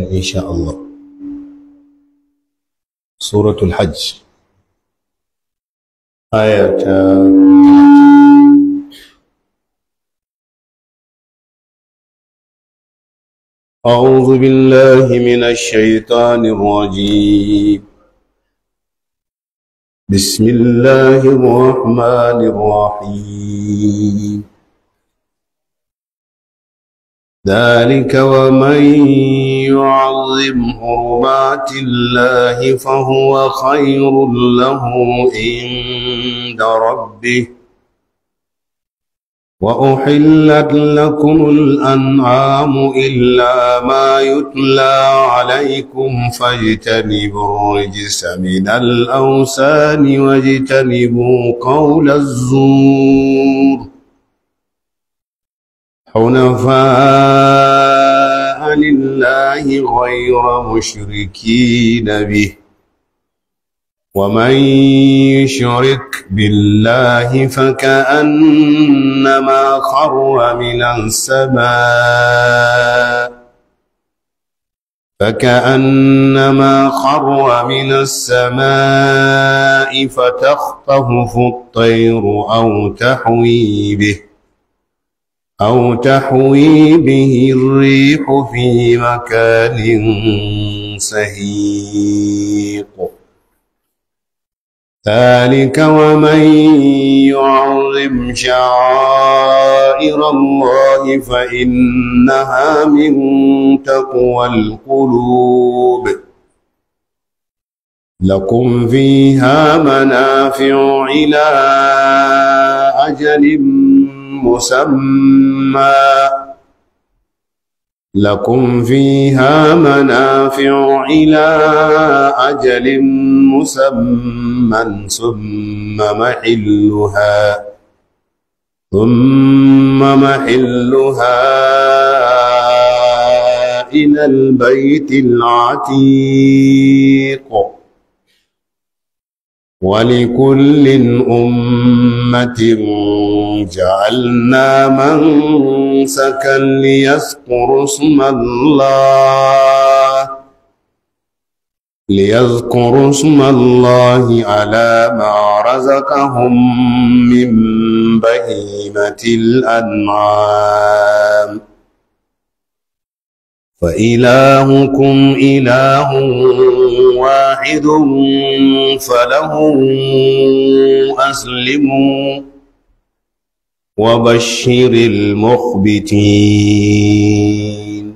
إن شاء الله سورة الحج آية أعوذ بالله من الشيطان الرجيم بسم الله الرحمن الرحيم ذلك ومن يعظم حرمات الله فهو خير له عند ربه وأحلت لكم الأنعام إلا ما يتلى عليكم فاجتنبوا الرجس من الأوسان واجتنبوا قول الزور حنفاء لله غير مشركين به ومن يشرك بالله فكأنما خر من السماء فكأنما خر من السماء فتخطفه الطير أو تحوي به أو تحوي به الريح في مكان سهيق ذلك ومن يعظم شعائر الله فإنها من تقوى القلوب لكم فيها منافع إلى أجل مسمى لكم فيها منافع إلى أجل مسمى ثم محلها ثم محلها إلى البيت العتيق ولكل أمة جعلنا منسكا ليذكروا اسم الله ليذكروا اسم الله على ما رزقهم من بهيمة الأنعام فإلهكم إله واحد فله أسلموا وبشر المخبتين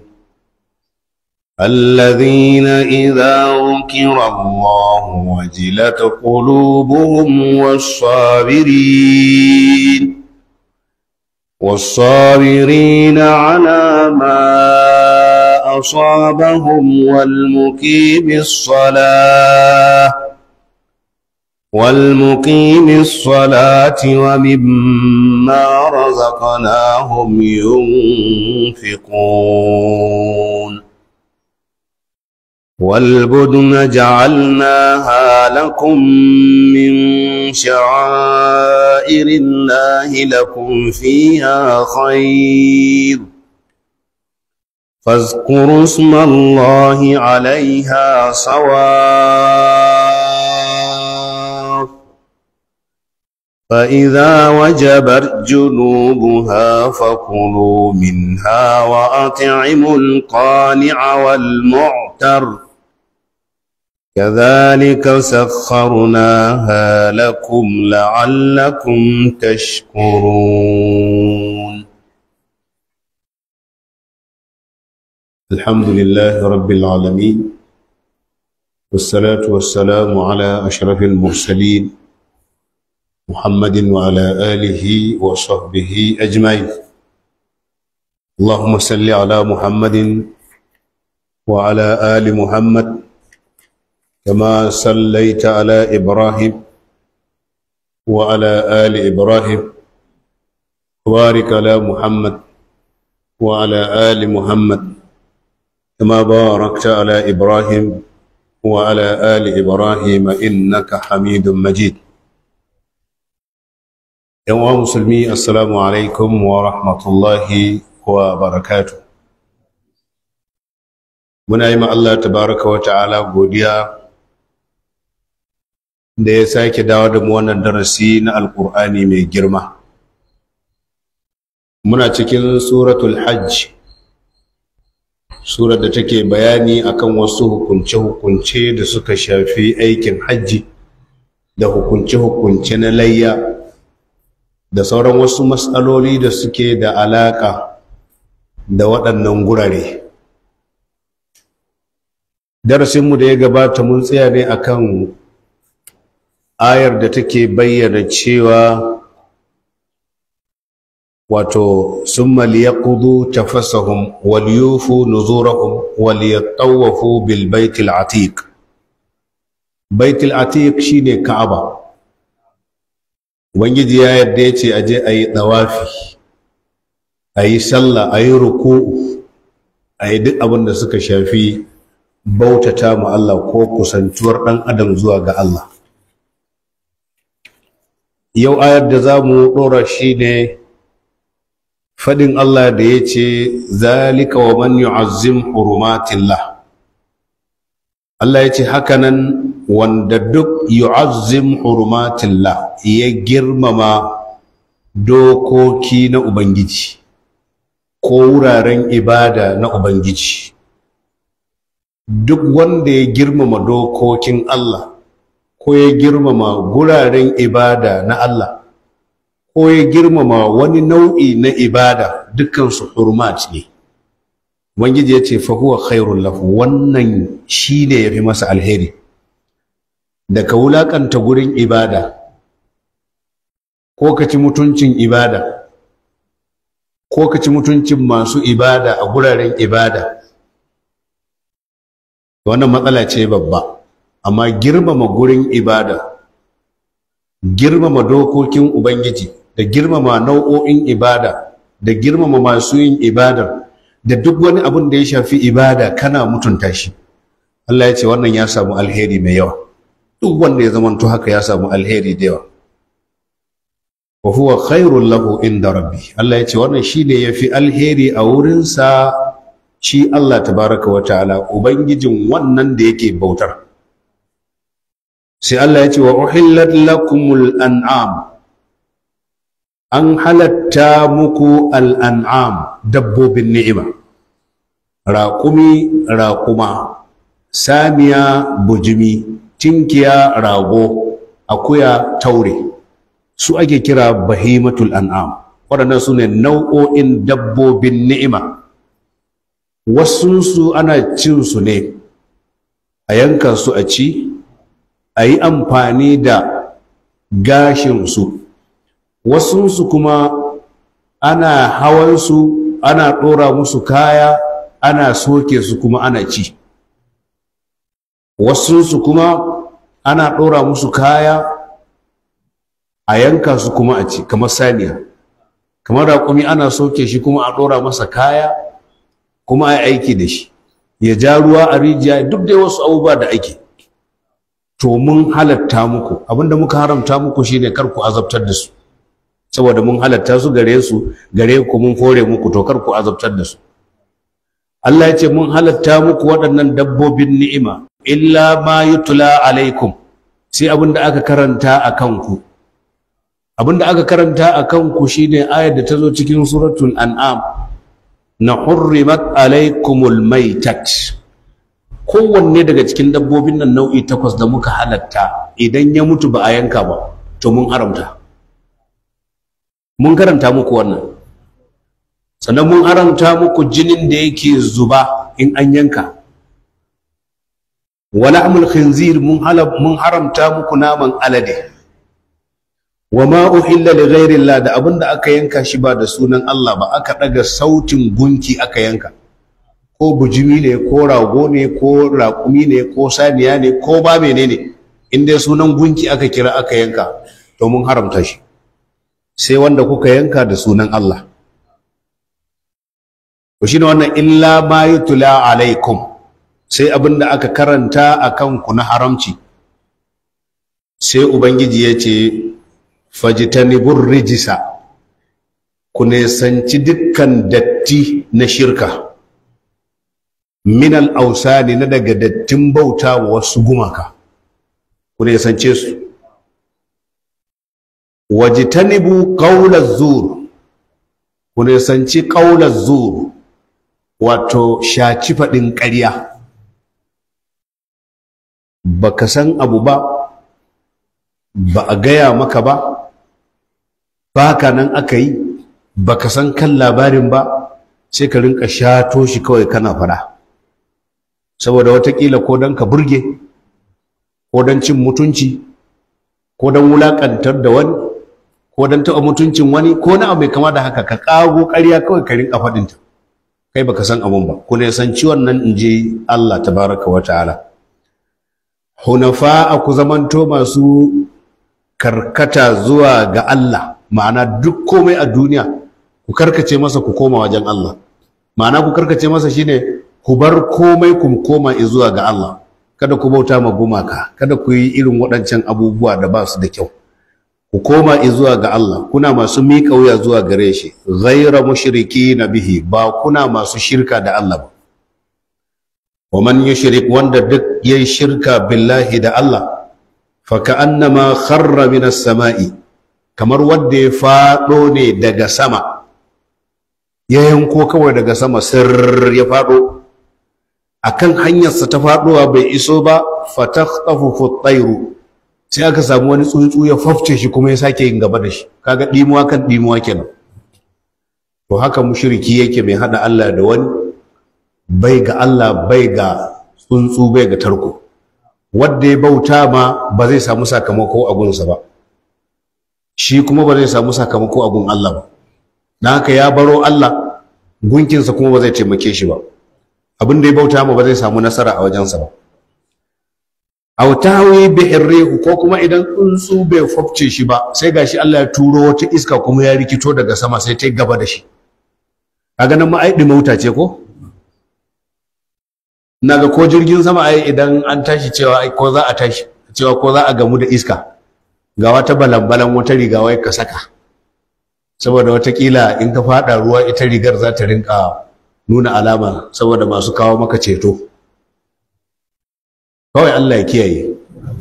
الذين إذا ذكر الله وجلت قلوبهم والصابرين والصابرين على ما أصابهم والمقيم الصلاة والمقيم الصلاة ومما رزقناهم ينفقون والبدن جعلناها لكم من شعائر الله لكم فيها خير فاذكروا اسم الله عليها صواب فإذا وجبت جنوبها فكلوا منها وأطعموا القانع والمعتر كذلك سخرناها لكم لعلكم تشكرون الحمد لله رب العالمين والصلاة والسلام على أشرف المرسلين محمد وعلى آله وصحبه أجمعين اللهم صل على محمد وعلى آل محمد كما صليت على إبراهيم وعلى آل إبراهيم وبارك على محمد وعلى آل محمد كما باركت على إبراهيم وعلى آل إبراهيم إنك حميد مجيد yan uwa musulmi assalamu alaikum wa rahmatullahi wa barakatu muna yi ma Allah tabaraka wa ta'ala godiya da ya sake dawo da mu wannan darasi na alkur'ani mai girma muna cikin suratul hajj surar da take bayani akan wasu hukunce-hukunce da suka shafi aikin hajji da hukunce-hukunce na layya da sauran wasu matsaloli da suke da alaƙa da waɗannan gurare darasinmu da ya gabata mun tsaya ne a kan ayar da take bayyana cewa wato summa liyaqudu tafassahum walyufu nuzurahum walyattawafu bil baitil atik baitil shi shine ka'aba ubangiji ya yarda ya ce aje a yi ɗawafi a yi sallah a yi ruku, a yi duk abin da suka shafi bautata ma Allah ko kusantuwar ɗan adam zuwa ga Allah yau ayar da za mu ɗora shi ne faɗin Allah da ya ce zalika wa man yu'azzim hurumatillah Allah ya ce hakanan wanda duk yu'azzim hurumatillah ya girmama dokoki na ubangiji ko wuraren ibada na ubangiji duk wanda ya girmama dokokin Allah ko ya girmama guraren ibada na Allah ko ya girmama wani nau'i na ibada dukkansu hurmat ne ubangiji ya ce fa huwa khairul lahu wannan shine fi masa alheri da ka wulaƙanta gurin ibada ko ka ci mutuncin ibada ko ka ci mutuncin masu ibada a guraren ibada wannan matsala ce babba amma girmama gurin ibada girmama dokokin ubangiji da girmama nau'o'in ibada da girmama masu yin ibada, da duk wani abin da ya shafi ibada kana mutunta shi Allah ya ce wannan ya samu alheri mai yawa duk wanda ya zamanto haka ya samu alheri da yawa wa huwa khairul lahu inda rabbi Allah ya ce wannan shine yafi alheri a wurinsa shi Allah tabaraka wa ta'ala ubangijin wannan da yake bautar sai Allah ya ce wa uhillat lakumul an'am an halatta muku al'an'am dabbobin ni'ima raƙumi raƙuma samiya bujimi Cinkiya rago akuya taure su ake kira bahimatul an'am waɗannan su ne nau'o'in dabbobin ni'ima wasunsu ana cin su ne a yanka su a ci a yi amfani da gashinsu wasunsu kuma ana hawansu ana ɗora musu kaya ana soke su kuma ana ci wasunsu kuma ana ɗora musu kaya a yanka su kuma a ci kamar saniya kamar raƙumi ana soke shi kuma a ɗora masa kaya kuma a aiki da shi ya ja ruwa a rijiya duk dai wasu abubuwa da ake to mun halatta muku abinda muka haramta muku shine kar ku azabtar da su saboda mun halatta su gare su gare ku mun fore muku to kar ku azabtar da su Allah ya ce mun halatta muku waɗannan dabbobin ni'ima illa ma yutla alaikum sai abin da aka karanta a kanku abin da aka karanta a kanku shine ayar da ta zo cikin suratul an'am na hurrimat alaikumul maitat kowanne daga cikin dabbobin nan nau'i takwas da muka halatta idan ya mutu ba a yanka ba to mun haramta mun karanta muku wannan sannan mun haramta muku jinin da yake zuba in an yanka wala amul khinzir mun mun haramta muku naman alade wa ma uhilla li ghairillah da abinda aka yanka shi ba da sunan Allah ba aka daga sautin gunki aka yanka ko bujimi ne ko rago ne ko raƙumi ne ko saniya ne ko ba menene in dai sunan gunki aka kira aka yanka to mun haramta shi sai wanda kuka yanka da sunan Allah to shine wannan illa ma yutla alaikum sai abin da aka karanta a kanku na haramci sai ubangiji ya ce fajitanibur rijisa ku nesanci dukkan datti na shirka minal ausani na daga dattin bauta wa wasu gumaka ku nesance su wajitanibu kaular zur ku nesanci kaular zur wato shaci faɗin ƙarya Ba ka san abu ba ba a gaya maka ba ba ka nan aka yi ba ka san kan labarin ba sai ka rinka shato shi kawai kana fara saboda watakila ko don ka burge ko don cin mutunci ko don wulakantar da wani ko don taɓa mutuncin wani ko na abu mai kama da haka ka ƙago ƙarya kawai ka rinka faɗinta kai baka san abun ba ku ne san ciwon nan in je Allah tabaraka wa ta'ala hunafa a ku zamanto masu karkata zuwa ga Allah ma'ana duk komai a duniya ku karkace masa ku koma wajen Allah ma'ana ku karkace masa shine ku bar komai ku koma zuwa ga Allah kada ku bauta ma gumaka kada ku yi irin waɗancan abubuwa da ba su da kyau ku koma zuwa ga Allah kuna masu miƙa wuya zuwa gare shi ghaira mushriki na bihi ba kuna masu shirka da Allah ba wa man yushrik wanda duk yayi shirka billahi da Allah fa ka'annama kharra minas sama'i kamar wanda ya fado ne daga sama ya yanko kawai daga sama sirr ya fado kan hanyarsa ta fadowa bai iso ba fatakhtafu at-tayru sai aka samu wani tsuntsu ya fafce shi kuma ya sake yin gaba da shi kaga dimuwa kan dimuwa kenan to haka mushriki yake mai haɗa Allah da wani bai ga Allah bai ga tsuntsu bai ga tarko wanda ya bauta ma ba zai samu sakamako a gunsa ba shi kuma ba zai samu sakamako a gun Allah ba dan haka ya baro Allah gunkinsa kuma ba zai taimake shi ba abin da ya bauta ma ba zai samu nasara a wajensa ba aw tahwi bi irrihu ko kuma idan tsuntsu bai fafce shi ba sai gashi Allah ya turo wata iska kuma ya rikito daga sama sai ta gaba da shi kaga nan ma ai ce ko na ga ko jirgin sama ai idan an tashi cewa ko za a tashi cewa ko za a gamu da iska ga wata balan wata riga wai ka saka saboda watakila in ka fada ruwa ita rigar za ta rinka nuna alama saboda masu kawo maka ceto kawai Allah ya kiyaye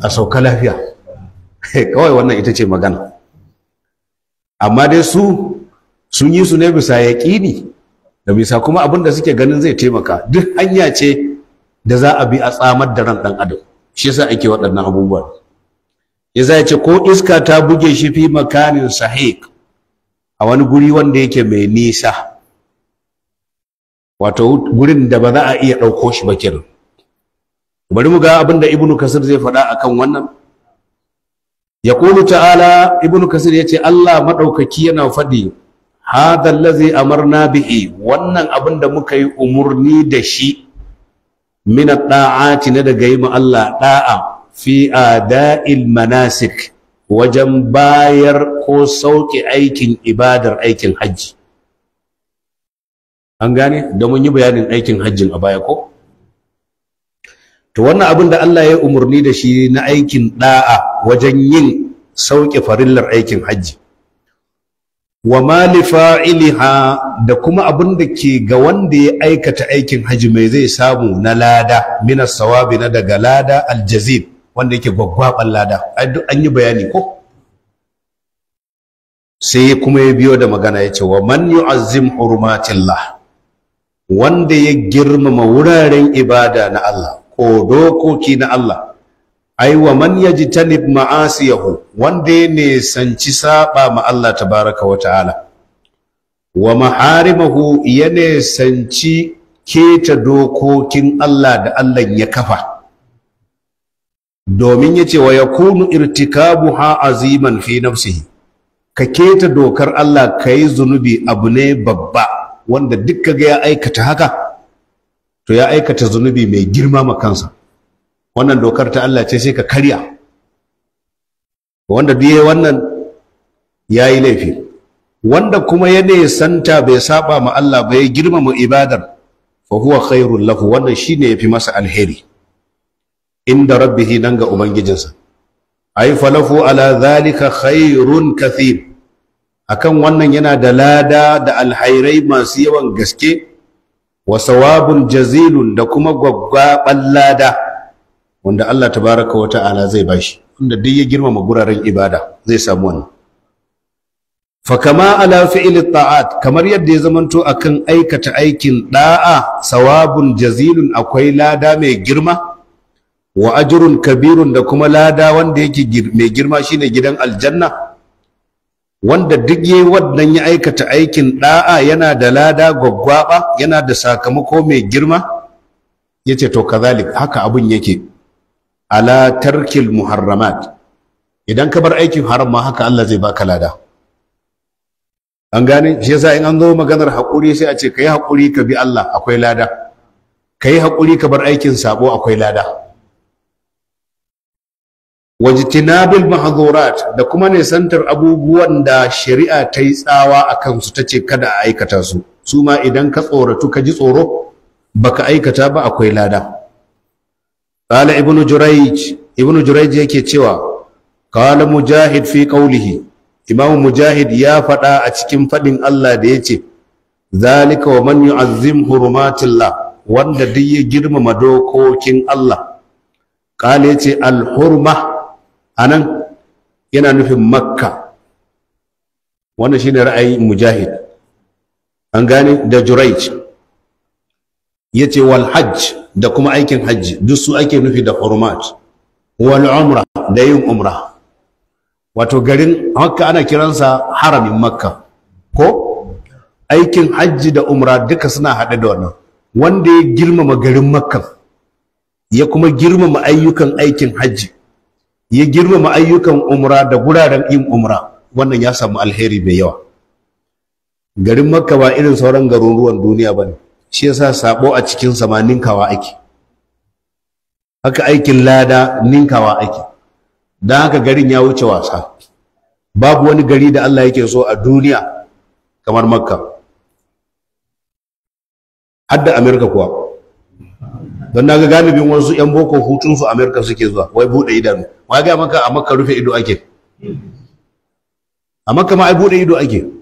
a sauka lafiya kawai wannan ita ce magana amma dai su sun yi su ne bisa yaƙini da bisa kuma abin da suke ganin zai taimaka duk hanya ce da za a bi a tsamar da ran ɗan adam shi yasa ake waɗannan abubuwa ya za ce ko iska ta buge shi fi makanin sahik a wani guri wanda yake mai nisa wato gurin da ba za a iya ɗauko shi ba kenan bari mu ga abin da ibnu kasir zai faɗa akan wannan ya kulu ta'ala ibnu kasir ya ce allah maɗaukaki yana faɗi hadha allazi amarna bihi wannan abin da muka yi umurni da shi min da'ati na daga yi Allah ɗa'a fi ada'il manasik wajen bayar ko sauƙe aikin ibadar aikin hajji an gane da yi bayanin aikin hajji a baya ko to wannan abin da Allah ya umarni da shi na aikin ɗa'a wajen yin sauke farillar aikin hajji wa Malifa, li da kuma abin da ke ga wanda ya aikata aikin Hajji mai zai samu na lada mina sawabi na daga lada aljazir wanda yake gwaggwaban lada an yi bayani ko sai kuma ya biyo da magana ya ce wa man azim hurumatillah wanda ya girmama wuraren ibada na Allah ko dokoki na Allah ai wa man yajtanib ma'asiyahu wanda ya nisanci saba ma Allah tabaraka wa ta'ala wa maharimahu ya nisanci keta dokokin Allah da Allah ya kafa domin yace wa yakunu ha aziman fi nafsihi ka keta dokar Allah kai zunubi abu ne babba wanda dukka ga ya aikata haka to ya aikata zunubi mai girma ma kansa wannan dokar ta Allah ce sai ka karya wanda duk wannan ya yi laifi wanda kuma ya santa bai saba ma Allah ba ya girmama ibadar fa huwa khairul lahu wannan shine yafi masa alheri inda rabbihi nan ga ubangijinsa ai falahu ala zalika khairun kathir akan wannan yana da lada da alhairai masu yawan gaske wa sawabun jazilun da kuma gwaggwaban lada wanda Allah tabaraka wa ta'ala zai bashi wanda duk ya girmama guraren ibada zai samu wannan fa kama ala fi'li ta'at kamar yadda ya zamanto akan aikata aikin da'a sawabun jazilun akwai lada mai girma wa ajrun kabirun da kuma lada wanda yake mai girma shine gidan aljanna wanda duk yayi wannan ya aikata aikin da'a yana da lada gwaggwaba yana da sakamako mai girma yace to kazalik haka abun yake ala tarkil muharramat idan ka bar aikin haram ma haka Allah zai baka lada an gane shi yasa in an zo maganar haƙuri sai a ce ka yi haƙuri ka bi Allah akwai lada ka yi haƙuri ka bar aikin sabo akwai lada wajtinabil mahdhurat da kuma ne santar abubuwan da shari'a ta yi tsawa a kansu tace kada a aikata su su ma idan ka tsoratu ka ji tsoro baka aikata ba akwai lada qala ibnu jurayj ibnu jurayj yake cewa qala mujahid fi qawlihi imam mujahid ya faɗa a cikin faɗin Allah da yace zalika wa man yu'azzim hurumatillah wanda duk ya girmama dokokin Allah qala yace al hurma anan yana nufin makka wannan shine ra'ayin mujahid an gane da jurayj ya ce wal hajj da kuma aikin hajji duk su ake nufi da hurmat wal umra da yin umra wato garin makka ana kiransa haramin makka ko aikin hajji da umra duka suna haɗe da wannan wanda ya girmama garin makka ya kuma girmama ayyukan aikin hajji ya girmama ayyukan umra da guraren yin umra wannan ya samu alheri mai yawa garin makka ba irin sauran garuruwan duniya ba ne shi yasa sabo a cikin sama ninkawa ake haka aikin lada ninkawa ake don haka garin ya wuce wasa babu wani gari da Allah yake so a duniya kamar makka hadda amerika kuwa don na ga galibin wasu 'yan boko hutunsu amerika suke zuwa wai buɗe idanu wa ga maka a makka rufe ido ake a makka ma ai buɗe ido ake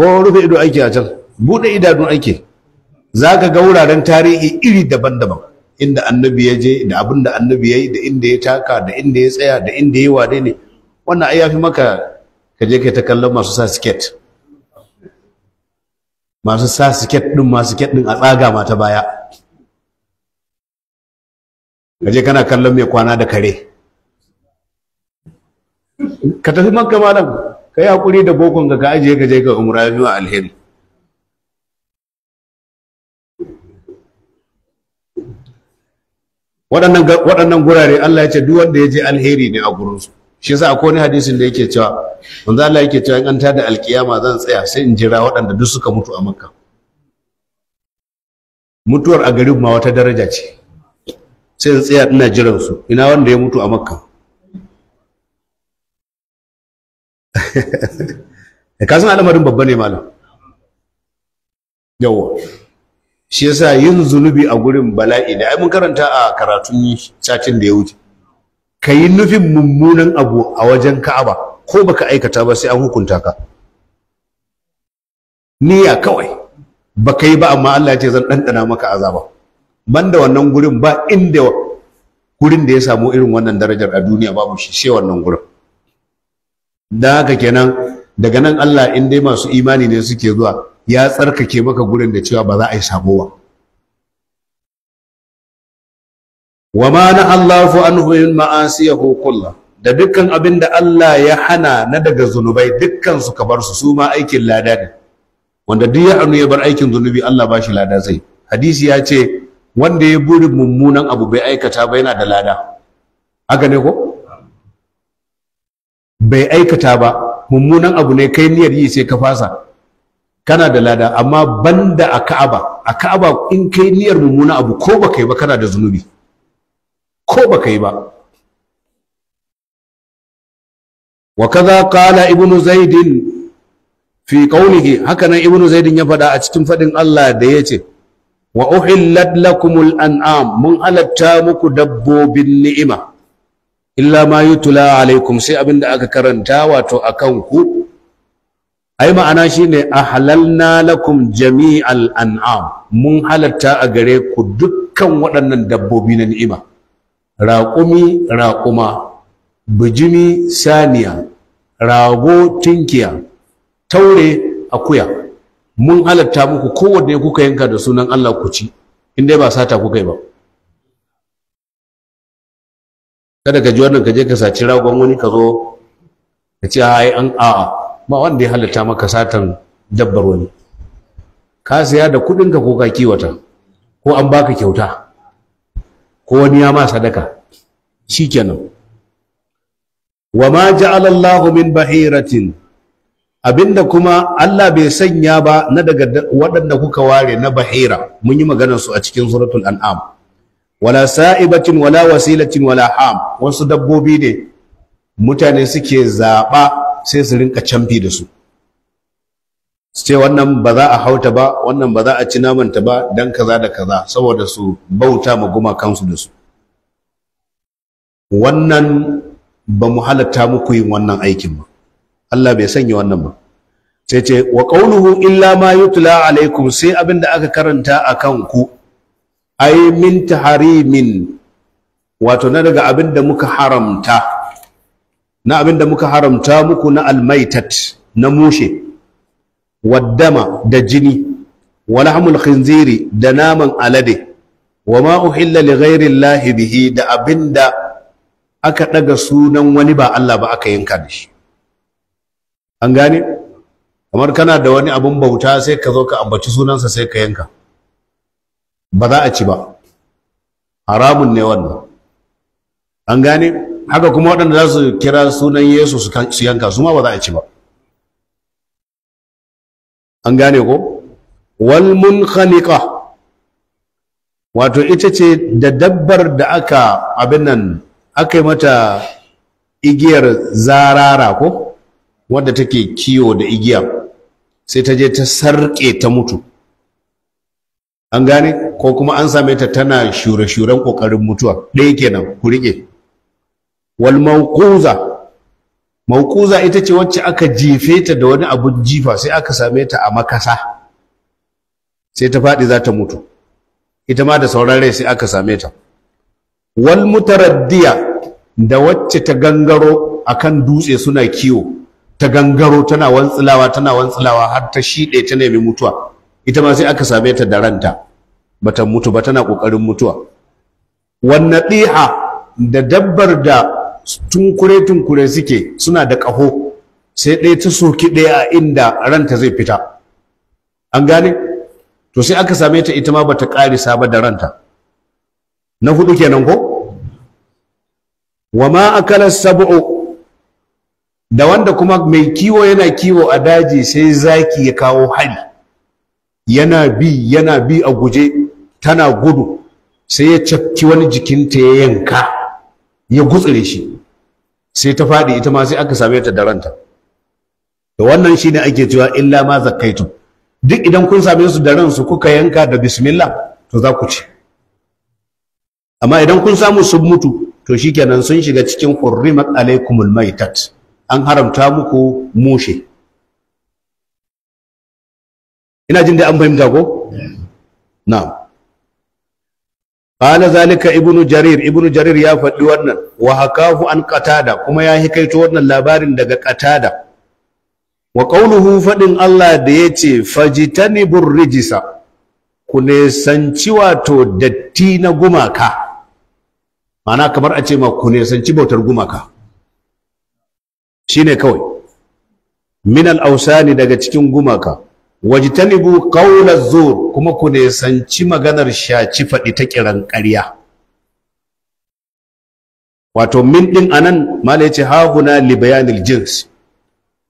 ko rufe ido aiki a can buɗe idanun aiki. za ka ga wuraren tarihi iri daban-daban inda annabi ya je da abin da annabi ya yi da inda ya taka da inda ya tsaya da inda ya wa ne wannan ai fi maka ka je kai ta kallon masu sa siket masu sa siket din masu siket din a tsaga mata baya ka je kana kallon mai kwana da kare ka tafi makka malam kai hakuri da bokon ka ka ajiye ka je ka umra biyu alheri waɗannan gurare Allah ya ce duk wanda ya je alheri ne a gurinsu shi yasa akwai wani hadisin da yake cewa manzo Allah yake cewa in an tada alkiyama zan tsaya sai in jira waɗanda duk suka mutu a Makka mutuwar a garin ma wata daraja ce sai in tsaya ina jiran su ina wanda ya mutu a Makka ka kasan al'amarin babba ne malam yawa shi yasa yin zunubi a gurin bala'i da ai mun karanta a karatun satin da ya wuce ka yi nufin mummunan abu a wajen ka'aba ko baka aikata ba sai an hukunta ka niyya kawai baka yi ba amma Allah ya ce zan ɗanɗana maka azaba banda wannan gurin ba inda gurin da ya samu irin wannan darajar a duniya babu shi sai wannan gurin da haka kenan daga nan Allah in dai masu imani ne suke zuwa ya tsarkake maka gurin da cewa ba za a yi sabo ba wa ma na Allahu anhu min ma'asiyahu kullah da dukkan abin da Allah ya hana na daga zunubai dukkan su ka bar su su ma aikin lada ne wanda duk ya anu ya bar aikin zunubi Allah ba shi lada zai hadisi ya ce wanda ya buri mummunan abu bai aikata ba yana da lada haka ne ko bai aikata ba mummunan abu ne kai niyyar yi sai ka fasa kana da lada amma banda a ka'aba a ka'aba in kai niyyar mummunan abu ko ba kai ba kana da zunubi ko ba kai ba wa kaza qala ibnu zaidin fi qawlihi hakanan nan ibnu zaidin ya faɗa a cikin faɗin Allah da yace wa uhillat lakumul an'am mun halatta muku dabbobin ni'ima illa ma yutula alaikum sai abin da aka karanta wato akan ku ai ma'ana shine na lakum jami'al an'am mun halatta a gare ku dukkan waɗannan dabbobi na ni'ima raƙumi raƙuma bijimi saniya rago tinkiya taure akuya mun halatta muku kowanne kuka yanka da sunan Allah ku ci in ba sata kuka yi ba kada ka ji wannan ka je ka saci ragon wani ka zo ka ce ai an a'a ba wanda ya halatta maka satan dabbar wani ka siya da kuɗinka ko ka kiwata ko an baka kyauta ko wani ya ma sadaka shikenan wa ma ja'ala Allahu min bahiratin abinda kuma Allah bai sanya ba na daga waɗanda kuka ware na bahira mun yi maganar su a cikin suratul an'am wala sa'ibatin wala wasilatin wala ham wasu dabbobi ne mutane suke zaɓa sai su rinka camfi da su su ce wannan ba za a hauta ba wannan ba za a ci namanta ba dan kaza da kaza saboda su bauta ma gumakansu da su wannan ba mu halatta muku yin wannan aikin ba Allah bai sanya wannan ba sai ce wa qawluhu illa ma yutla alaikum sai da aka karanta akan ku ai min taharimin wato na daga abin da muka haramta na abin da muka haramta muku na almaitat na mushe waddama da jini lahmul khinziri da naman alade wa ma uhilla li ghairi llahi bihi da abin da aka daga sunan wani ba Allah ba aka yanka da shi an gane kamar kana da wani abin bauta sai ka zo ka ambaci sunansa sai ka yanka ba za a ci ba haramun ne wannan an gane haka kuma waɗanda za su kira sunan yesu su yanka su ma ba za a ci ba an gane ko wal munkhaniqa wato ita ce da dabbar da aka abin nan aka yi mata igiyar zarara ko wadda take kiwo da igiya sai ta je ta sarƙe ta mutu an gane ko kuma an same ta tana shure-shuren kokarin mutuwa ɗaya kenan ku riƙe. wal mauquza mauquza ita ce wacce aka jefe ta da wani abun jifa sai aka same ta a makasa sai ta faɗi za ta mutu ita ma da sauran rai sai aka same ta wal mutaraddiya da wacce ta gangaro akan dutse suna kiwo ta gangaro tana wantsilawa tana wantsilawa har ta shiɗe ta nemi mutuwa ita ma sai aka same ta da ranta bata mutu ba tana kokarin mutuwa wan nadiha da dabbar da tunkure tunkure suke suna da kaho sai ɗaya ta soki ɗaya a inda ranta zai fita an gane to sai aka same ta ita ma bata sa ba da ranta na hudu kenan ko wama akala sab'u da wanda kuma mai kiwo yana kiwo a daji sai zaki ya kawo hari yana bi yana bi a guje tana gudu sai ya cafki wani jikinta ya yanka ya gutsire shi sai ta faɗi ita ma sai aka same ta da ranta da wannan shine ake cewa illa ma zakaitu duk idan kun same su da ransu kuka yanka da bismillah to za ku ci amma idan kun samu sun mutu to shikenan sun shiga cikin hurrimat alaikumul maitat an haramta muku mushe ina jin da an fahimta ko na'am qala zalika ibnu jarir ibnu jarir ya faɗi wannan wa hakahu an qatada kuma ya hikaito wannan labarin daga qatada wa qawluhu fadin Allah da yace fajitani burrijisa ku nesanci wato datti na gumaka ma'ana kamar a ce ma ku nesanci bautar gumaka shine kawai min al-ausani daga cikin gumaka wajtanibu qawla zur kuma ku ne sanci maganar shaci faɗi ta kiran ƙarya wato min din anan mala yace ha huna li bayanil jins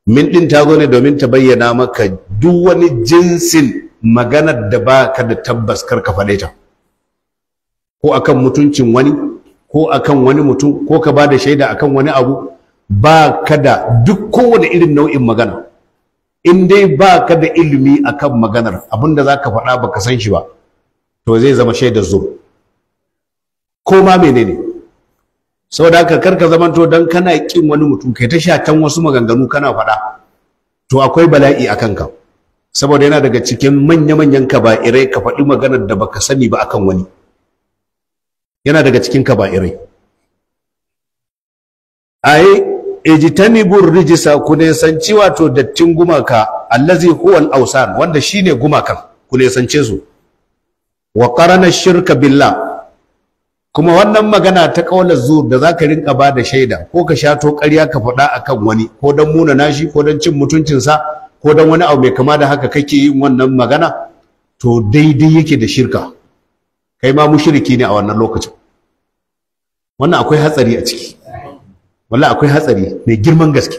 min din ta zo ne domin ta bayyana maka duk wani jinsin maganar da ba ka da tabbas kar ka faɗe ta ko akan mutuncin wani ko akan wani mutum ko ka bada shaida akan wani abu ba ka da duk kowane irin nau'in magana in dai ba ka da ilimi a kan maganar abinda za ka faɗa ba ka san shi ba to zai zama shaidar zo ko ma menene saboda haka kar ka zamanto don kana ƙin wani mutum kai ta shatan wasu maganganu kana faɗa to akwai bala'i a kanka saboda yana daga cikin manya-manyan kaba'irai ka faɗi maganar da baka sani ba akan wani yana daga cikin kaba'irai ai ijtanibur rijisa ku ne sanci wato dattin gumaka allazi huwal ausan wanda shine gumakan ku ne sanci su wa qarana shirka billah kuma wannan magana ta kaular zu da zaka rinka ba da shaida ko ka shato ƙarya ka faɗa akan wani ko dan muna nashi ko dan cin mutuncinsa ko dan wani abu mai kama da haka kake yin wannan magana to daidai yake da shirka kai ma mushriki ne a wannan lokacin wannan akwai hatsari a ciki wallahi akwai hatsari mai girman gaske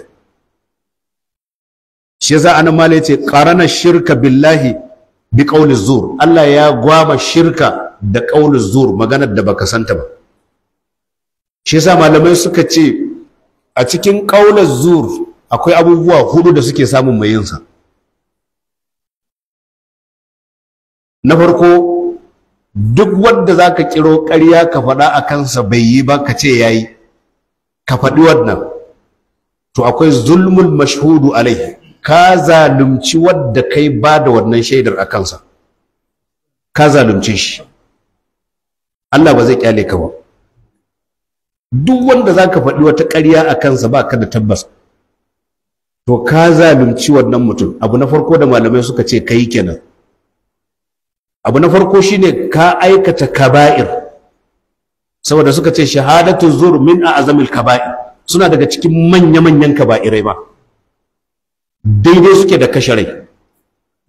shi yasa anan mala yace qarana shirka billahi bi qawli zur Allah ya gwaba shirka da qawli zur maganar da baka santa ba shi yasa malamai suka ce a cikin qawli zur akwai abubuwa hudu da suke samun mai yinsa na farko duk wanda zaka ƙiro ƙarya ka faɗa a kansa bai yi ba ka ce yayi ka faɗi wannan to akwai zulmul mashhudu alaihi ka zalunci wadda kai ba da wannan shaidar a kansa ka zalunci shi Allah ba zai kyale ka ba duk wanda za ka faɗi wata ƙarya a kansa ba ka da tabbas to ka zalunci wannan mutum abu na farko da malamai suka ce kai kenan abu na farko shine ka aikata kaba'ir saboda suka ce shahadatu zur min azamil kaba'i suna daga cikin manya-manyan kaba'irai ba daidai suke da kasharai, rai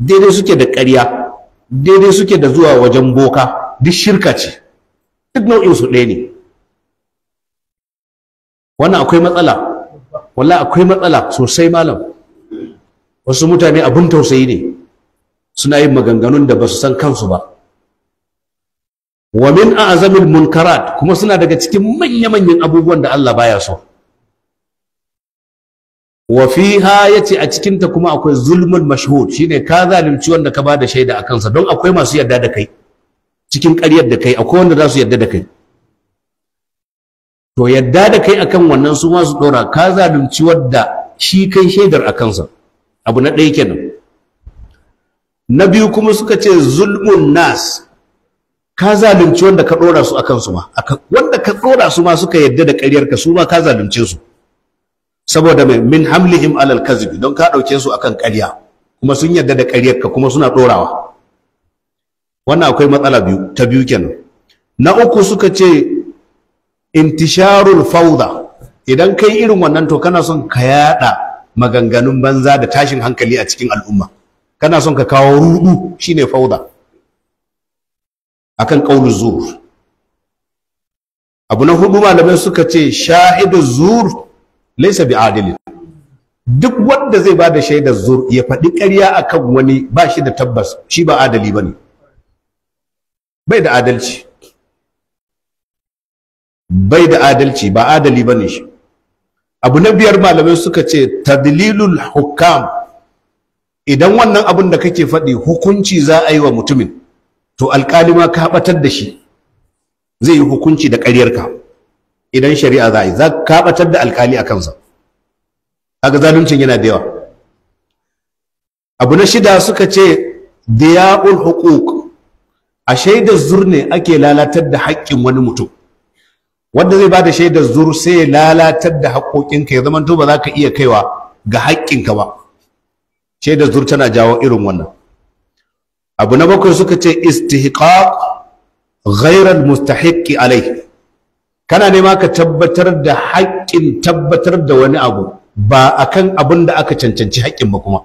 daidai suke da ƙarya daidai suke da zuwa wajen boka duk shirka ce duk nau'in su ɗaya ne wannan akwai matsala wallahi akwai matsala sosai malam wasu mutane abin tausayi ne suna yin maganganun da ba su san kansu ba wa min a'zamil munkarat kuma suna daga cikin manya-manyan abubuwan da Allah baya so wa fiha yace a cikinta kuma akwai zulmul mashhud shine ka zalunci wanda ka bada shaida akan sa don akwai masu yarda da kai cikin ƙaryar da kai akwai wanda za su yarda da kai to yarda da kai akan wannan su ma su dora ka zalunci wanda shi kai shaidar akan sa abu na ɗaya kenan na biyu kuma suka ce zulmun nas ka zalunci wanda ka dora su akan su ma wanda ka dora su ma suka yadda da ƙaryar ka su ma ka zalunce su saboda mai min hamlihim alal kazibi don ka dauke su akan ƙarya kuma sun yadda da ƙaryar ka kuma suna dorawa wannan akwai matsala biyu ta biyu kenan na uku suka ce intisharul fauda idan kai irin wannan to kana son ka yada maganganun banza da tashin hankali a cikin al'umma kana son ka kawo rudu shine fauda akan kaulu zur abu na hudu malamai suka ce shahidu zur laysa bi'adilin duk wanda zai bada shaidar zur ya faɗi ƙarya akan wani ba shi da tabbas shi ba adali bane bai da adalci bai da adalci ba adali bane shi abu na biyar malamai suka ce tadlilul hukam idan wannan abin da kake faɗi hukunci za a yi wa mutumin to alƙali ma ka batar da shi zai yi hukunci da ƙaryarka idan shari'a za a yi za ka batar da alƙali a kansa kaga zaluncin yana da yawa abu na shida suka ce diya'ul huquq a shaidar zur ne ake lalatar da haƙƙin wani mutum wanda zai bada shaidar zur sai ya lalatar da haƙoƙinka ya zama to ba za ka iya kaiwa ga haƙƙinka ba shaidar zur tana jawo irin wannan abu na bakwai suka ce istihqaq ghairal mustahiqqi alai kana nema ka tabbatar da haƙƙin tabbatar da wani abu ba akan abin da aka cancanci haƙƙin ba kuma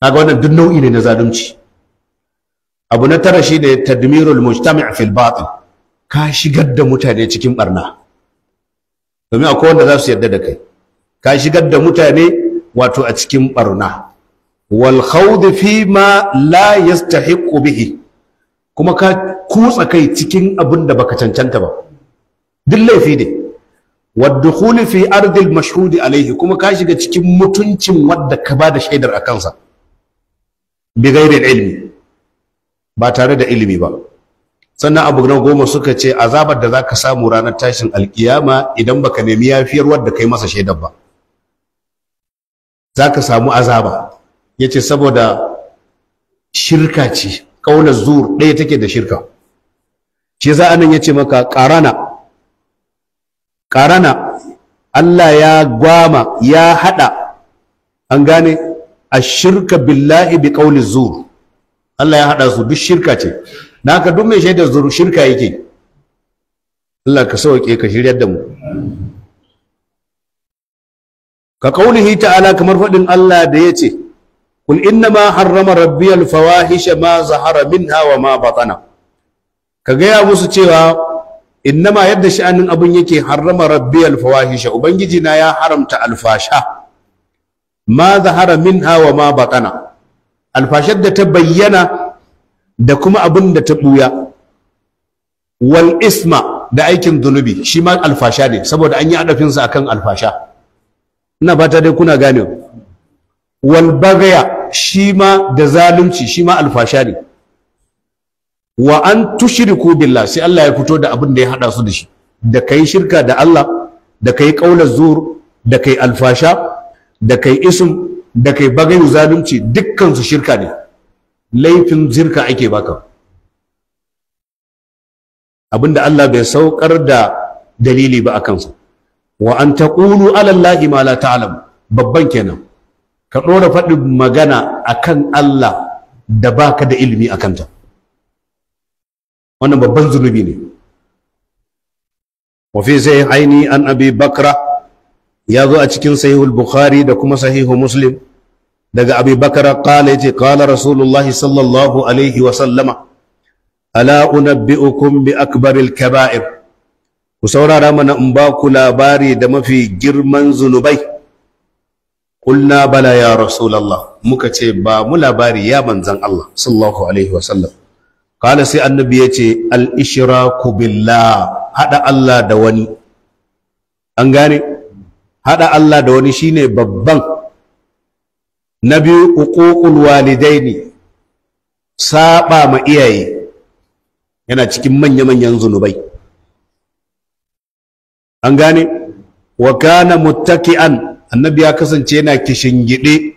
kaga wannan duk nau'i ne na zalunci abu na tara shine tadmirul mujtami' fil batil ka shigar da mutane cikin barna domin akwai wanda za su yarda da kai ka shigar da mutane wato a cikin barna والخوض فيما fi ma به bihi kuma ka kutsa kai cikin abin baka cancanta ba duk laifi ne Wadda fi ardil mashhudi alaihi kuma ka shiga cikin mutuncin wadda ka ba da shaidar a kansa bi ghairi ilmi ba tare da ilimi ba sannan abu na goma suka ce azabar da zaka samu ranar tashin alkiyama idan baka nemi yafiyar wadda kai masa shaidar ba zaka samu azaba Ya ce saboda shirka ce ƙaunar zuwa ɗaya take da shirka Shi za a nan ya ce maka ƙarana ƙarana Allah ya gwama ya haɗa an gane a shirka billahi bi ƙaunar zuwa Allah ya haɗa su duk shirka ce na ka duk mai shaidar zuwa shirka yake Allah ka sauke ka shiryar da mu ka kaulihi ta'ala kamar faɗin Allah da ya ce kul inna ma harrama rabbi alfawahisha ma zahara minha wa ma batana ka gaya musu cewa innama yadda sha'anin abun yake harrama rabbi alfawahisha ubangiji na ya haramta alfasha ma zahara minha wa ma batana alfashar da ta bayyana da kuma abin da ta buya wal isma da aikin zunubi shi ma alfasha ne saboda an yi adafinsa akan alfasha ina fata dai kuna gane wal bagaya shi ma da zalunci shi ma alfasha ne wa an tushriku billah sai Allah ya fito da abin da ya hada su da shi da kai shirka da Allah da kai kaular zuhur, da kai alfasha da kai ism da kai bagayu zalunci dukkan su shirka ne laifin zirka ake baka abinda Allah bai saukar da dalili ba a kansa wa an taqulu ala allahi ma la ta'lam babban kenan ka ɗora faɗin magana akan Allah da baka da ilimi a kanta wannan babban zunubi ne wafi sai aini an abi bakra ya zo a cikin sahihul bukhari da kuma sahihu muslim daga abi bakra yace kala rasulullahi sallallahu alaihi wa sallama ala unabbiukum bi akbaril kaba'ir ku saurara mana in ba ku labari da mafi girman zunubai kulna bala ya rasulallah muka ce ba mu labari ya manzan Allah sallallahu alaihi wasallam kala sai annabi ya ce al-ishraku billah hada Allah da wani an gane hada Allah da wani shine babban na biyu uququl walidaini saba ma iyaye yana cikin manya-manyan zunubai an gane wa kana muttaki'an annabi ya kasance yana kishingide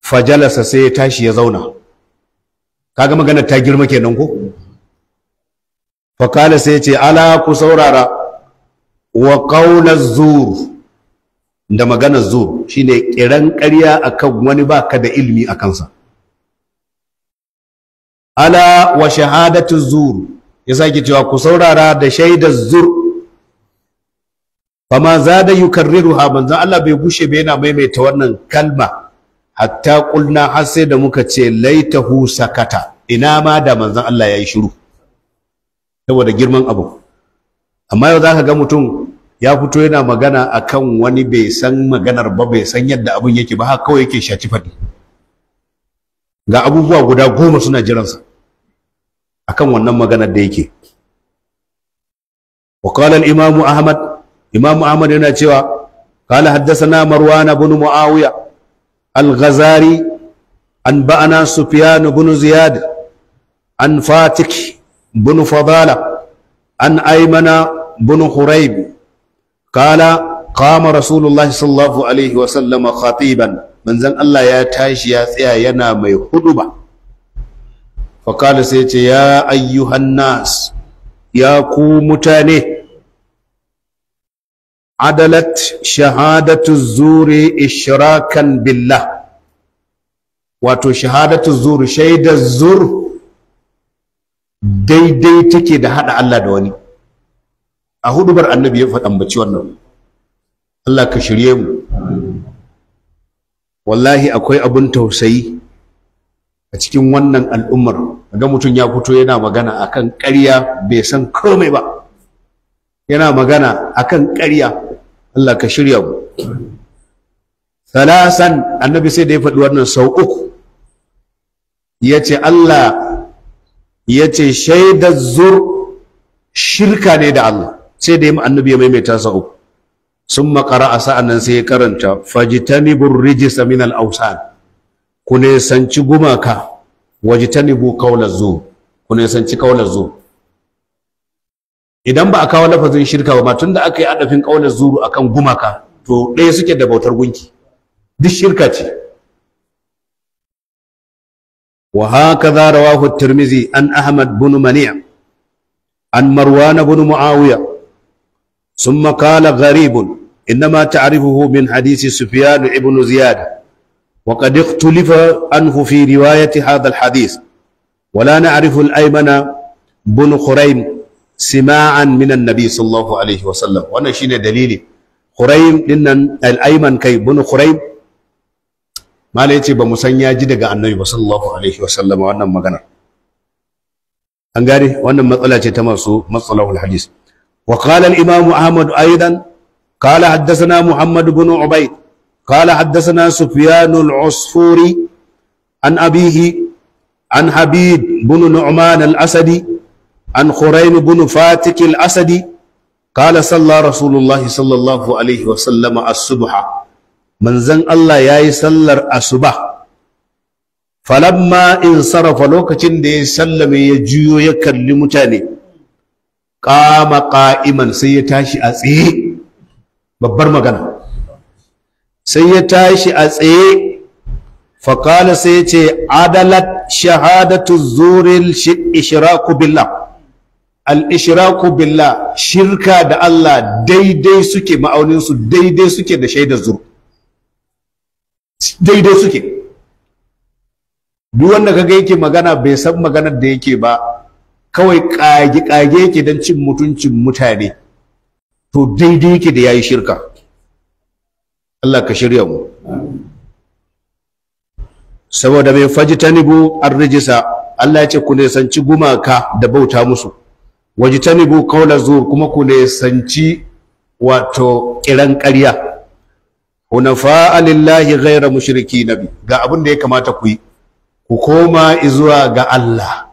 fajalasa sai ya tashi ya zauna kaga magana ta girma kenan ko fakala sai ce ala ku saurara wa qaulaz zur da maganar zur shine kiran ƙarya akan wani baka da ilimi a kansa ala wa shahadatu zur ya sake cewa ku saurara da shaidar zur fama zada ha manzon Allah bai gushe ba yana maimaita wannan kalma hatta kulna har sai da muka ce laitahu sakata ina ma da manzon Allah yayi shiru saboda girman abu amma yau zaka ga mutum ya fito yana magana akan wani bai san maganar ba bai san yadda abun yake ba haka kawai yake shaci fadi ga abubuwa guda goma suna jiransa akan wannan maganar da yake وقال الإمام Ahmad. Imam Ahmad yana cewa kala haddasana Marwan ibn Muawiya al-Ghazari an ba'ana Sufyan ibn Ziyad an Fatik ibn Fadala an Aymana ibn Khuraib kala kama Rasulullah sallallahu alaihi wa sallam khatiban manzan Allah ya tashi ya tsaya yana mai huɗu ba. kala sai ya ayyuhan nas ya ku mutane adalat shahadatu zuri ishrakan billah wato shahadatu zuri shaidar zur daidai take da hada Allah da wani a hudubar annabi ya faɗan baci wannan Allah ka shirye mu wallahi akwai abun tausayi a cikin wannan al'ummar ga mutum ya fito yana magana akan ƙarya bai san komai ba yana magana akan ƙarya Allah ka shirya mu salasan annabi sai da ya faɗi wannan sau uku ya ce Allah ya ce shaidar zur shirka ne da Allah sai da ya annabi ya maimaita sau uku sun makara a sa'an nan sai ya karanta fajitanibur rijisa min al ku ne sanci gumaka bu qawla zur ku ne sanci qawla zo idan ba a kawo lafazin shirka ba tunda akai adafin ƙaunar zuru akan gumaka to ɗaya suke da bautar gunki duk shirka ce wa hakaza rawahu at-tirmidhi an ahmad bin mani'a an marwan bin muawiya thumma qala gharib انما تعرفه من حديث سفيان ابن زياد وقد اختلف عنه في روايه هذا الحديث ولا نعرف الايمن بن خريم sima'an minan nabi sallallahu alaihi wa sallam. wannan shine dalili Khuraim din nan al-Ayman kai bin Khuraim mala yace ba mu san ya ji daga Annabi ba sallallahu alaihi wa sallam. wannan magana an gane wannan matsala ce ta masu matsalahul hadis wa qala al-Imam Ahmad aidan qala haddathana Muhammad bin Ubayd qala haddathana Sufyan al-Usfuri an abihi an Habib bin Nu'man al-Asadi عن خرين asadi. Kala الأسدي قال صلى رسول الله صلى الله عليه وسلم الصبح من زن الله ياي سلر الصبح falamma in sarrafa lokacin da ya sallame ya juyo ya kalli mutane kama ƙa'iman sai ya tashi a tsaye babbar magana sai ya tashi a tsaye faƙala sai ya ce adalat shahadatu zuril ishraku billah al-ishraku billah shirka da Allah daidai suke ma'auninsu daidai suke da shaidar zur daidai suke duk wanda kaga yake magana bai san maganar da yake ba kawai kage kage yake don cin mutuncin mutane to daidai yake da yayi shirka Allah ka shirya mu saboda mai bu an rijisa Allah ya ce ku nisanci gumaka da bauta musu wajtanibu qawla zur kuma ku ne sanci wato kiran ƙarya hunafa lillahi ghayra mushriki nabi ga abin da ya kamata ku yi ku koma zuwa ga Allah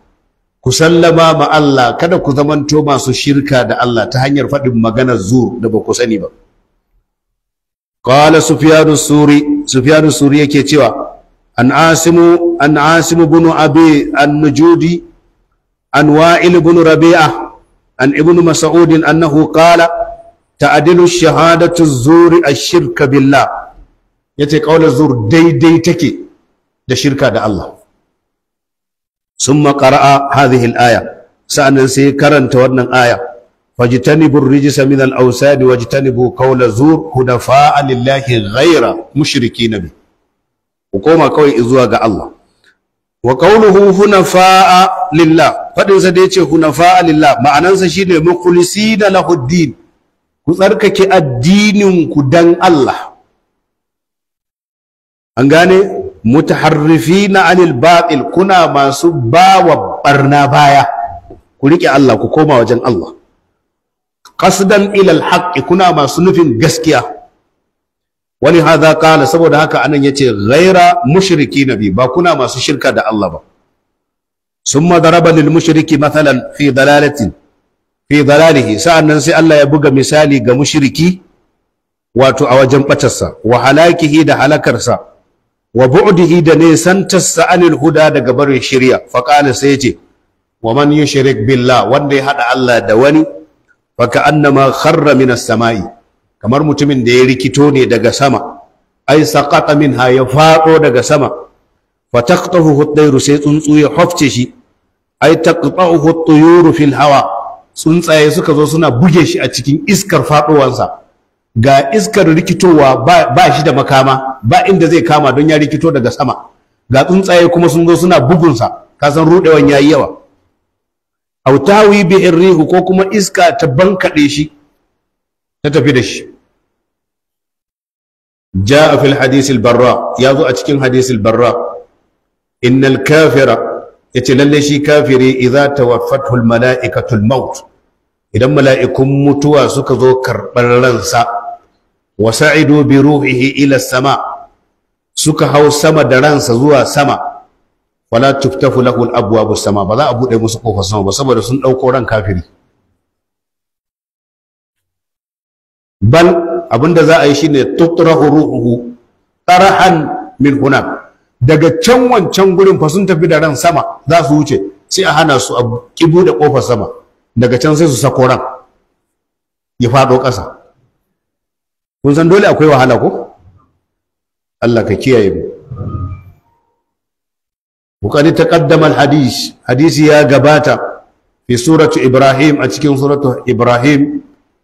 ku sallama ma Allah kada ku zamanto masu shirka da Allah ta hanyar faɗin maganar zur da ba ku sani ba qala sufyanu suri sufyanu suri yake cewa an asimu an asimu bunu abi an nujudi an wa'il bunu rabi'a an ibnu mas'ud annahu qala ta'dilu shahadatu zuri ash-shirka billah yace qaular zur daidai take da shirka da Allah summa qara'a hadhihi al-aya sa'annan sai karanta wannan aya fajtanibu ar-rijsa min al-awsad wajtanibu qawla zur hunafa'a lillahi ghayra mushrikin bi ku koma kawai zuwa ga Allah wa qawluhu hunafa'a lillah fadin sa da yace hunafa'a lillah ma'anan sa shine mukhlisina lahu ku tsarkake addinin ku dan Allah an gane mutaharrifina anil batil kuna masu bawa barna baya ku rike Allah ku koma wajen Allah qasdan ila haƙƙi kuna masu nufin gaskiya wani haza kala saboda haka anan yace ghaira mushriki nabi ba kuna masu shirka da Allah ba summa daraba lil mushriki mathalan fi dalalatin fi dalalihi sa'annan sai Allah ya buga misali ga mushriki wato a wajen batarsa wa halakihi da halakarsa wa bu'dihi da nesantarsa anil huda daga barin shirya fa qala sai yace wa man yushrik billah wanda ya hada Allah da wani fa ka'annama kharra minas sama'i kamar mutumin da ya rikito ne daga sama ai saqata minha ya fado daga sama Fa taqtahu tayru sai tsuntsu ya hofce shi ai taqtahu tuyuru fil hawa tsuntsaye suka zo suna buge shi a cikin iskar fadowansa ga iskar rikitowa ba, shi da makama ba inda zai kama don ya rikito daga sama ga tsuntsaye kuma sun zo suna bugunsa ka san rudewan yayi yawa autawi bi rihu ko kuma iska ta bankaɗe shi na tafi da shi ja'a fil hadith barra ya zo a cikin hadisil barra innal kafira ce lallai shi kafiri idza tawaffathu al maut idan mala'ikun mutuwa suka zo karɓar ransa wa sa'idu bi ruhihi ila sama suka hau sama da ransa zuwa sama wala tuftafu lahu al abwabu sama ba za a bude musu kofar sama ba saboda sun dauko ran kafiri bal abinda za a yi shine tutrahu ruhuhu tarahan min hunak daga can wancan gurin fa sun tafi da ran sama za su wuce sai a hana su a kibu da kofar sama daga can sai su sako ran ya faɗo ƙasa kun san dole akwai wahala ko Allah ka kiyaye mu وقد تقدم الحديث حديث يا غباتا في سورة إبراهيم cikin سورة إبراهيم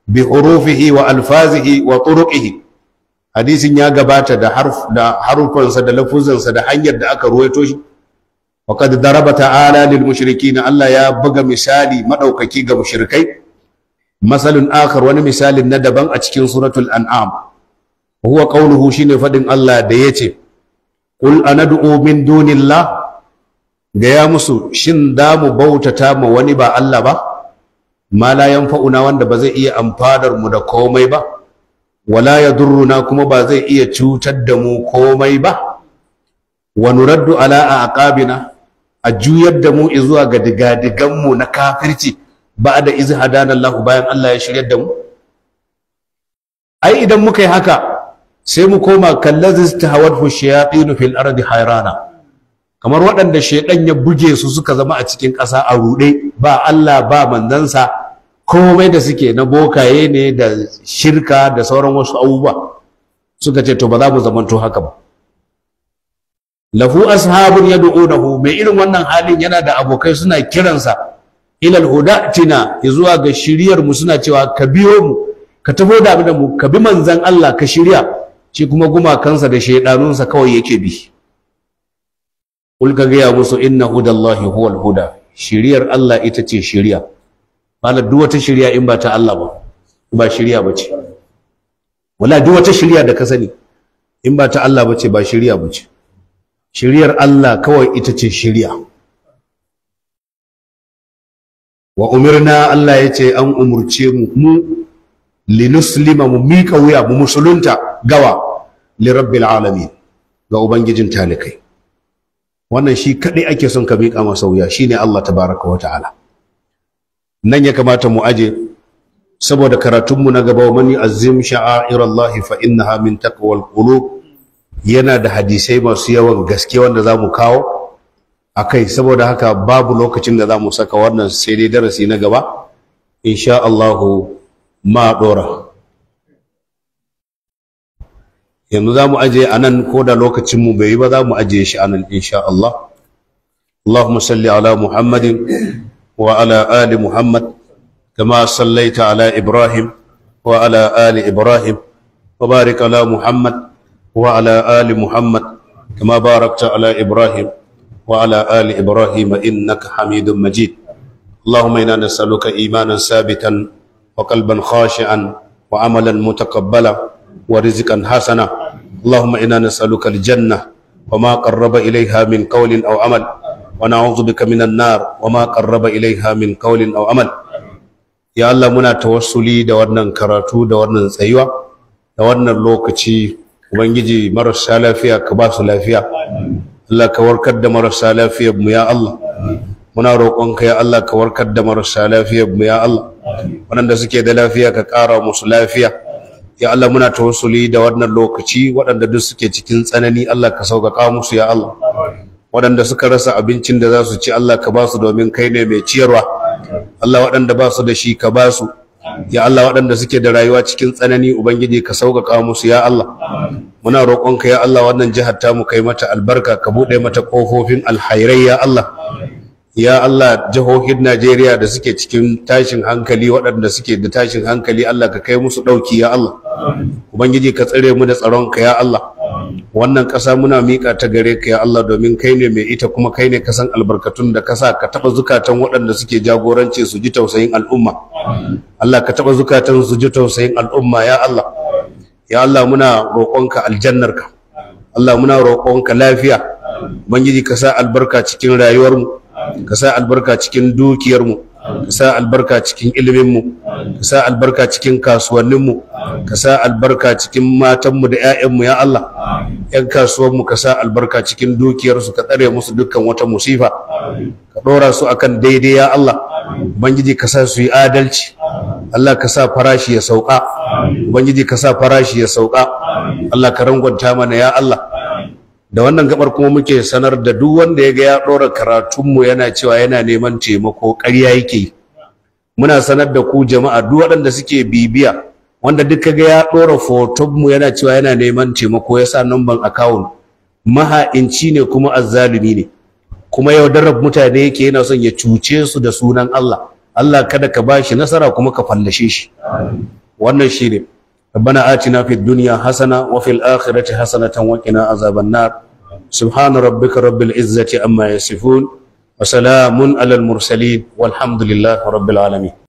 bi urufihi wa alfazihi wa turuqihi hadisin ya gabata da harf da harufansa da lafuzansa da hanyar da aka ruwaito shi wa qad daraba ta'ala lil mushrikin Allah ya buga misali madaukaki ga mushrikai masalun akhar wani misalin na daban a cikin suratul an'am huwa qawluhu shine fadin Allah da yace qul anad'u min dunillah ga ya musu shin da mu bautata ma wani ba Allah ba ma la yanfa'una wanda ba zai iya amfanar mu da komai ba wala yadurruna kuma ba zai iya cutar da mu komai ba wa nuraddu ala aqabina a juyar da mu zuwa ga digadigan mu na kafirci ba da izi hadana Allah bayan Allah ya shiryar da mu ai idan muka yi haka sai mu koma kallazi tahawadhu shayatin fil ardi hayrana kamar waɗanda shaidan ya buge su suka zama a cikin ƙasa a ruɗe ba Allah ba manzansa komai da suke na bokaye ne da shirka da sauran wasu abubuwa suka ce to ba za mu zamanto haka ba lahu ashabun yad'unahu mai irin wannan halin yana da abokai suna kiransa ilal huda tina zuwa ga shiriyar mu suna cewa ka biyo mu ka tafi da da mu ka bi manzan Allah ka shirya shi kuma gumakansa da shaidanunsa kawai yake bi Kulka gaya musu inna hudallahi huwal huda shiriyar Allah ita ce shiriya malam duk wata shirya in ba ta Allah ba ba shirya bace wala duk wata shirya da ka sani in ba ta Allah bace ba shirya shiryar Allah kawai ita ce shirya wa umirna Allah ya ce an umurce mu mu linuslima mu miƙa wuya mu musulunta gawa li rabbil alamin ga ubangijin talikai wannan shi kadai ake son ka miƙa masa wuya shine Allah tabaraka wa ta'ala nan ya kamata mu aje saboda karatunmu na gaba man azim sha'airallahi fa innaha min taqwal qulub yana da hadisai masu yawan gaske wanda zamu kawo akai saboda haka babu lokacin da zamu saka wannan sai dai darasi na gaba insha Allah ma dora yanzu zamu aje nan, ko da lokacin mu bai yi ba zamu aje shi anan insha Allah Allahumma salli ala Muhammadin وعلى آل محمد كما صليت على إبراهيم وعلى آل إبراهيم وبارك على محمد وعلى آل محمد كما باركت على إبراهيم وعلى آل إبراهيم إنك حميد مجيد اللهم إنا نسألك إيمانا ثابتا وقلبا خاشعا وعملا متقبلا ورزقا حسنا اللهم إنا نسألك الجنة وما قرب إليها من قول أو عمل ونعوذ بك من النار وما قرب إليها من قول أو عمل ya Allah muna tawassuli da wannan karatu da wannan tsayuwa da wannan lokaci ubangiji marasa lafiya ka ba su lafiya Allah ka warkar da marasa lafiyar ya Allah muna roƙonka ya Allah ka warkar marasa lafiyar ya Allah waɗanda suke da lafiya ka ƙara musu lafiya ya Allah muna tawassuli da wannan lokaci waɗanda duk suke cikin tsanani Allah ka sauƙaƙa ya Allah waɗanda suka rasa abincin da za su ci Allah ka ba su domin kai ne mai ciyarwa Allah waɗanda ba su da shi ka ba su ya Allah waɗanda suke da rayuwa cikin tsanani ubangiji ka sauƙaƙa musu ya Allah muna roƙonka ya Allah wannan jihar ta mu kai mata albarka ka buɗe mata ƙofofin alhairai ya Allah ya Allah jihohin Najeriya da suke cikin tashin hankali waɗanda suke da tashin hankali Allah ka kai musu ɗauki ya Allah ubangiji ka tsare mu da tsaronka ya Allah wannan ƙasa muna miƙa ta gare ka ya Allah domin kai ne mai ita kuma kai ne ka san albarkatun da ka sa ka taɓa zukatan waɗanda suke jagorance su ji tausayin al'umma Allah ka taɓa zukatan su ji tausayin al'umma ya Allah ya Allah muna roƙonka aljannarka Allah muna roƙonka lafiya ubangiji ka sa albarka cikin rayuwarmu ka sa albarka cikin dukiyarmu ka sa albarka cikin iliminmu ka sa albarka cikin kasuwanninmu ka sa albarka cikin matanmu da 'ya'yanmu ya Allah 'yan kasuwanmu ka sa albarka cikin dukiyarsu ka tsare musu dukkan wata musifa ka ɗora su akan daidai ya Allah Ubangiji ka sa su yi adalci Allah farashi ya sauka Ubangiji ka sa farashi ya sauka Allah ka rangwanta mana ya Allah da wannan gabar kuma muke sanar da duk wanda ya ga ya ɗora karatunmu yana cewa yana neman taimako ƙarya yake muna sanar da ku jama'a duk waɗanda suke bibiya wanda duk ga ya ɗora fotonmu yana cewa yana neman taimako ya sa numban account maha'inci ne kuma azzalumi ne kuma yau yaudarar mutane yake yana son ya cuce su da sunan Allah Allah kada ka bashi nasara kuma ka fallashe shi wannan shine ربنا آتنا في الدنيا حسنة وفي الآخرة حسنة وقنا عذاب النار سبحان ربك رب العزة أما يصفون وسلام على المرسلين والحمد لله رب العالمين